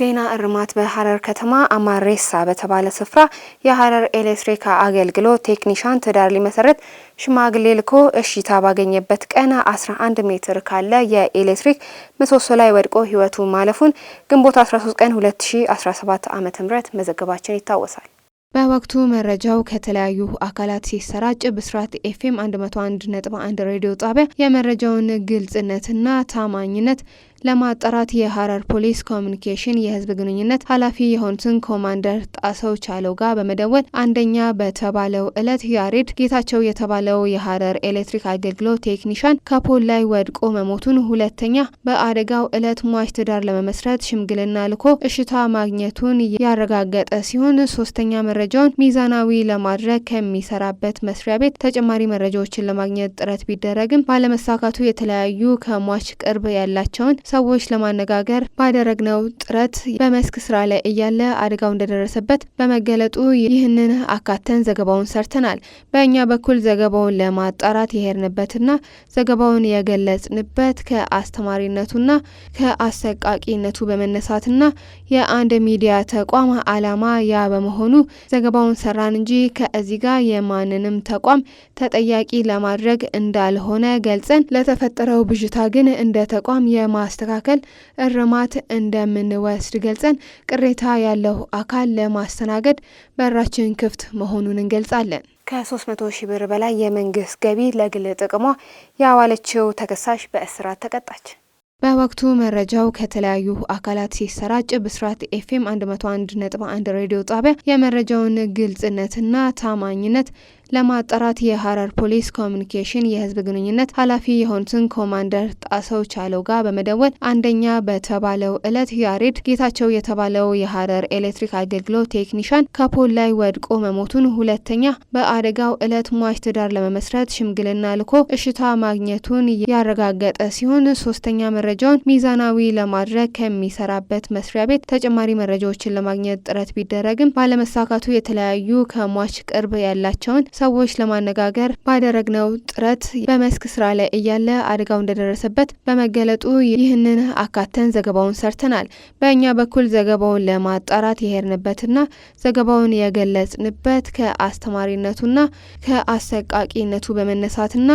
ዜና እርማት በሀረር ከተማ አማሬሳ በተባለ ስፍራ የሀረር ኤሌክትሪክ አገልግሎት ቴክኒሻን ትዳር ሊመሰረት ሽማግሌ ልኮ እሽታ ባገኘበት ቀን 11 ሜትር ካለ የኤሌክትሪክ ምሰሶ ላይ ወድቆ ሕይወቱ ማለፉን ግንቦት 13 ቀን 2017 ዓ.ም መዘገባችን ይታወሳል። በወቅቱ መረጃው ከተለያዩ አካላት ሲሰራጭ ብስራት ኤፍኤም 101.1 ሬዲዮ ጣቢያ የመረጃውን ግልጽነትና ታማኝነት ለማጣራት የሀረር ፖሊስ ኮሚኒኬሽን የህዝብ ግንኙነት ኃላፊ የሆኑትን ኮማንደር ጣሰው ቻለው ጋር በመደወል አንደኛ በተባለው እለት ያሬድ ጌታቸው የተባለው የሀረር ኤሌክትሪክ አገልግሎት ቴክኒሻን ከፖል ላይ ወድቆ መሞቱን፣ ሁለተኛ በአደጋው እለት ሟች ትዳር ለመመስረት ሽምግልና ልኮ እሽታ ማግኘቱን ያረጋገጠ ሲሆን፣ ሶስተኛ መረጃውን ሚዛናዊ ለማድረግ ከሚሰራበት መስሪያ ቤት ተጨማሪ መረጃዎችን ለማግኘት ጥረት ቢደረግም ባለመሳካቱ የተለያዩ ከሟች ቅርብ ያላቸውን ሰዎች ለማነጋገር ባደረግነው ጥረት በመስክ ስራ ላይ እያለ አደጋው እንደደረሰበት በመገለጡ ይህንን አካተን ዘገባውን ሰርተናል። በእኛ በኩል ዘገባውን ለማጣራት የሄድንበትና ዘገባውን የገለጽንበት ከአስተማሪነቱና ከአሰቃቂነቱ በመነሳትና የአንድ ሚዲያ ተቋም አላማ ያ በመሆኑ ዘገባውን ሰራን እንጂ ከዚህ ጋር የማንንም ተቋም ተጠያቂ ለማድረግ እንዳልሆነ ገልጸን ለተፈጠረው ብዥታ ግን እንደ ተቋም የማስ ለማስተካከል እርማት እንደምንወስድ ገልጸን ቅሬታ ያለው አካል ለማስተናገድ በራችን ክፍት መሆኑን እንገልጻለን። ከ300 ሺህ ብር በላይ የመንግስት ገቢ ለግል ጥቅሟ ያዋለችው ተከሳሽ በእስራት ተቀጣች። በወቅቱ መረጃው ከተለያዩ አካላት ሲሰራጭ ብስራት ኤፍኤም 101.1 ሬዲዮ ጣቢያ የመረጃውን ግልጽነትና ታማኝነት ለማጣራት የሀረር ፖሊስ ኮሚኒኬሽን የህዝብ ግንኙነት ኃላፊ የሆኑትን ኮማንደር ጣሰው ቻለው ጋር በመደወል አንደኛ በተባለው እለት ያሬድ ጌታቸው የተባለው የሀረር ኤሌክትሪክ አገልግሎት ቴክኒሻን ከፖል ላይ ወድቆ መሞቱን፣ ሁለተኛ በአደጋው እለት ሟች ትዳር ለመመስረት ሽምግልና ልኮ እሽታ ማግኘቱን ያረጋገጠ ሲሆን፣ ሶስተኛ መረጃውን ሚዛናዊ ለማድረግ ከሚሰራበት መስሪያ ቤት ተጨማሪ መረጃዎችን ለማግኘት ጥረት ቢደረግም ባለመሳካቱ የተለያዩ ከሟች ቅርብ ያላቸውን ሰዎች ለማነጋገር ባደረግነው ጥረት በመስክ ስራ ላይ እያለ አደጋው እንደደረሰበት በመገለጡ ይህንን አካተን ዘገባውን ሰርተናል። በእኛ በኩል ዘገባውን ለማጣራት የሄድንበትና ዘገባውን የገለጽንበት ከአስተማሪነቱና ከአሰቃቂነቱ በመነሳትና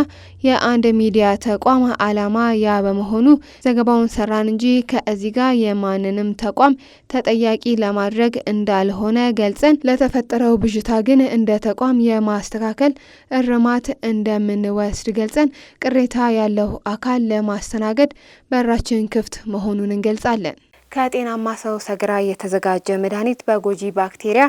የአንድ ሚዲያ ተቋም አላማ ያ በመሆኑ ዘገባውን ሰራን እንጂ ከዚህ ጋር የማንንም ተቋም ተጠያቂ ለማድረግ እንዳልሆነ ገልጸን ለተፈጠረው ብዥታ ግን እንደ ተቋም የማስተ ለማስተካከል እርማት እንደምንወስድ ገልጸን ቅሬታ ያለው አካል ለማስተናገድ በራችን ክፍት መሆኑን እንገልጻለን። ከጤናማ ሰው ሰገራ የተዘጋጀ መድኃኒት በጎጂ ባክቴሪያ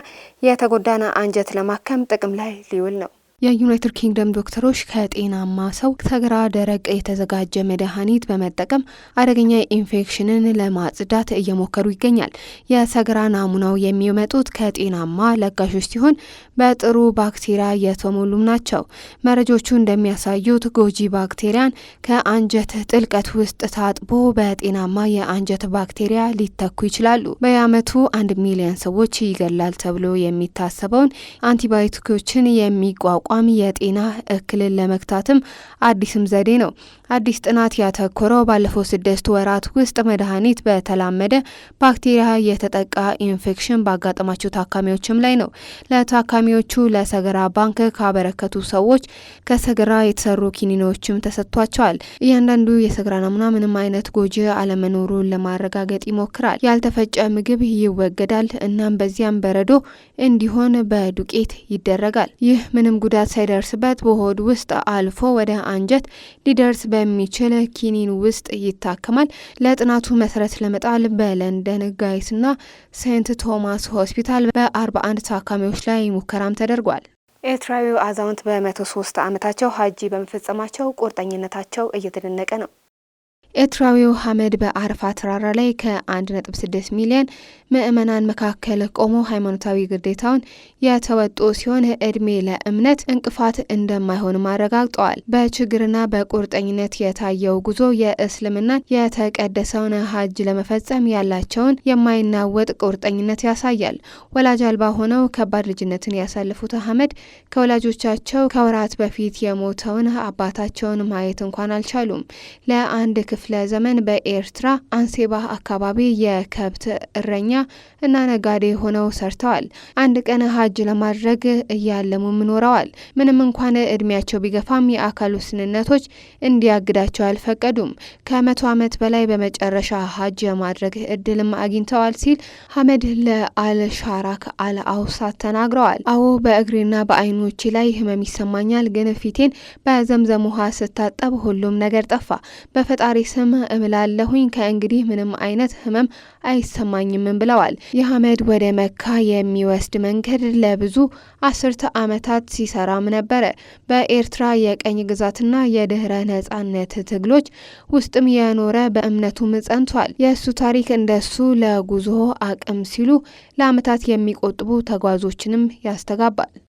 የተጎዳና አንጀት ለማከም ጥቅም ላይ ሊውል ነው። የዩናይትድ ኪንግደም ዶክተሮች ከጤናማ ሰው ተግራ ደረቅ የተዘጋጀ መድኃኒት በመጠቀም አደገኛ ኢንፌክሽንን ለማጽዳት እየሞከሩ ይገኛል። የሰገራ ናሙናው የሚመጡት ከጤናማ ለጋሾች ሲሆን በጥሩ ባክቴሪያ የተሞሉም ናቸው። መረጃዎቹ እንደሚያሳዩት ጎጂ ባክቴሪያን ከአንጀት ጥልቀት ውስጥ ታጥቦ በጤናማ የአንጀት ባክቴሪያ ሊተኩ ይችላሉ። በየአመቱ አንድ ሚሊዮን ሰዎች ይገላል ተብሎ የሚታሰበውን አንቲባዮቲኮችን የሚቋቋ የሚቋቋም የጤና እክልን ለመግታትም አዲስም ዘዴ ነው። አዲስ ጥናት ያተኮረው ባለፈው ስድስት ወራት ውስጥ መድኃኒት በተላመደ ባክቴሪያ የተጠቃ ኢንፌክሽን ባጋጠማቸው ታካሚዎችም ላይ ነው። ለታካሚዎቹ ለሰገራ ባንክ ካበረከቱ ሰዎች ከሰገራ የተሰሩ ኪኒኖችም ተሰጥቷቸዋል። እያንዳንዱ የሰገራ ናሙና ምንም አይነት ጎጂ አለመኖሩን ለማረጋገጥ ይሞክራል። ያልተፈጨ ምግብ ይወገዳል። እናም በዚያም በረዶ እንዲሆን በዱቄት ይደረጋል። ይህ ምንም ጉዳ ጉዳት ሳይደርስበት በሆድ ውስጥ አልፎ ወደ አንጀት ሊደርስ በሚችል ኪኒን ውስጥ ይታከማል። ለጥናቱ መሰረት ለመጣል በለንደን ጋይስና ሴንት ቶማስ ሆስፒታል በ አንድ ታካሚዎች ላይ ሙከራም ተደርጓል። ኤርትራዊው አዛውንት በመቶ ሶስት ዓመታቸው ሀጂ በመፈጸማቸው ቁርጠኝነታቸው እየተደነቀ ነው። ኤርትራዊው ሀመድ በአረፋ ተራራ ላይ ከ1.6 ሚሊዮን ምዕመናን መካከል ቆሞ ሃይማኖታዊ ግዴታውን የተወጡ ሲሆን እድሜ ለእምነት እንቅፋት እንደማይሆንም አረጋግጠዋል። በችግርና በቁርጠኝነት የታየው ጉዞ የእስልምናን የተቀደሰውን ሀጅ ለመፈጸም ያላቸውን የማይናወጥ ቁርጠኝነት ያሳያል። ወላጅ አልባ ሆነው ከባድ ልጅነትን ያሳለፉት ሀመድ ከወላጆቻቸው ከወራት በፊት የሞተውን አባታቸውን ማየት እንኳን አልቻሉም። ለአንድ ክፍለ ዘመን በኤርትራ አንሴባ አካባቢ የከብት እረኛ እና ነጋዴ ሆነው ሰርተዋል። አንድ ቀን ሀጅ ለማድረግ እያለሙም ኖረዋል። ምንም እንኳን እድሜያቸው ቢገፋም የአካል ውስንነቶች እንዲያግዳቸው አልፈቀዱም። ከመቶ ዓመት በላይ በመጨረሻ ሀጅ የማድረግ እድልም አግኝተዋል ሲል ሀመድ ለአልሻራክ አልአውሳት ተናግረዋል። አዎ በእግሬና በአይኖቼ ላይ ህመም ይሰማኛል፣ ግን ፊቴን በዘምዘም ውሃ ስታጠብ ሁሉም ነገር ጠፋ። በፈጣሪ ስም እምላለሁኝ ከእንግዲህ ምንም አይነት ህመም አይሰማኝምም ብለዋል። የሀመድ ወደ መካ የሚወስድ መንገድ ለብዙ አስርተ ዓመታት ሲሰራም ነበረ። በኤርትራ የቀኝ ግዛትና የድህረ ነጻነት ትግሎች ውስጥም የኖረ በእምነቱም ጸንቷል። የእሱ ታሪክ እንደሱ ለጉዞ አቅም ሲሉ ለዓመታት የሚቆጥቡ ተጓዞችንም ያስተጋባል።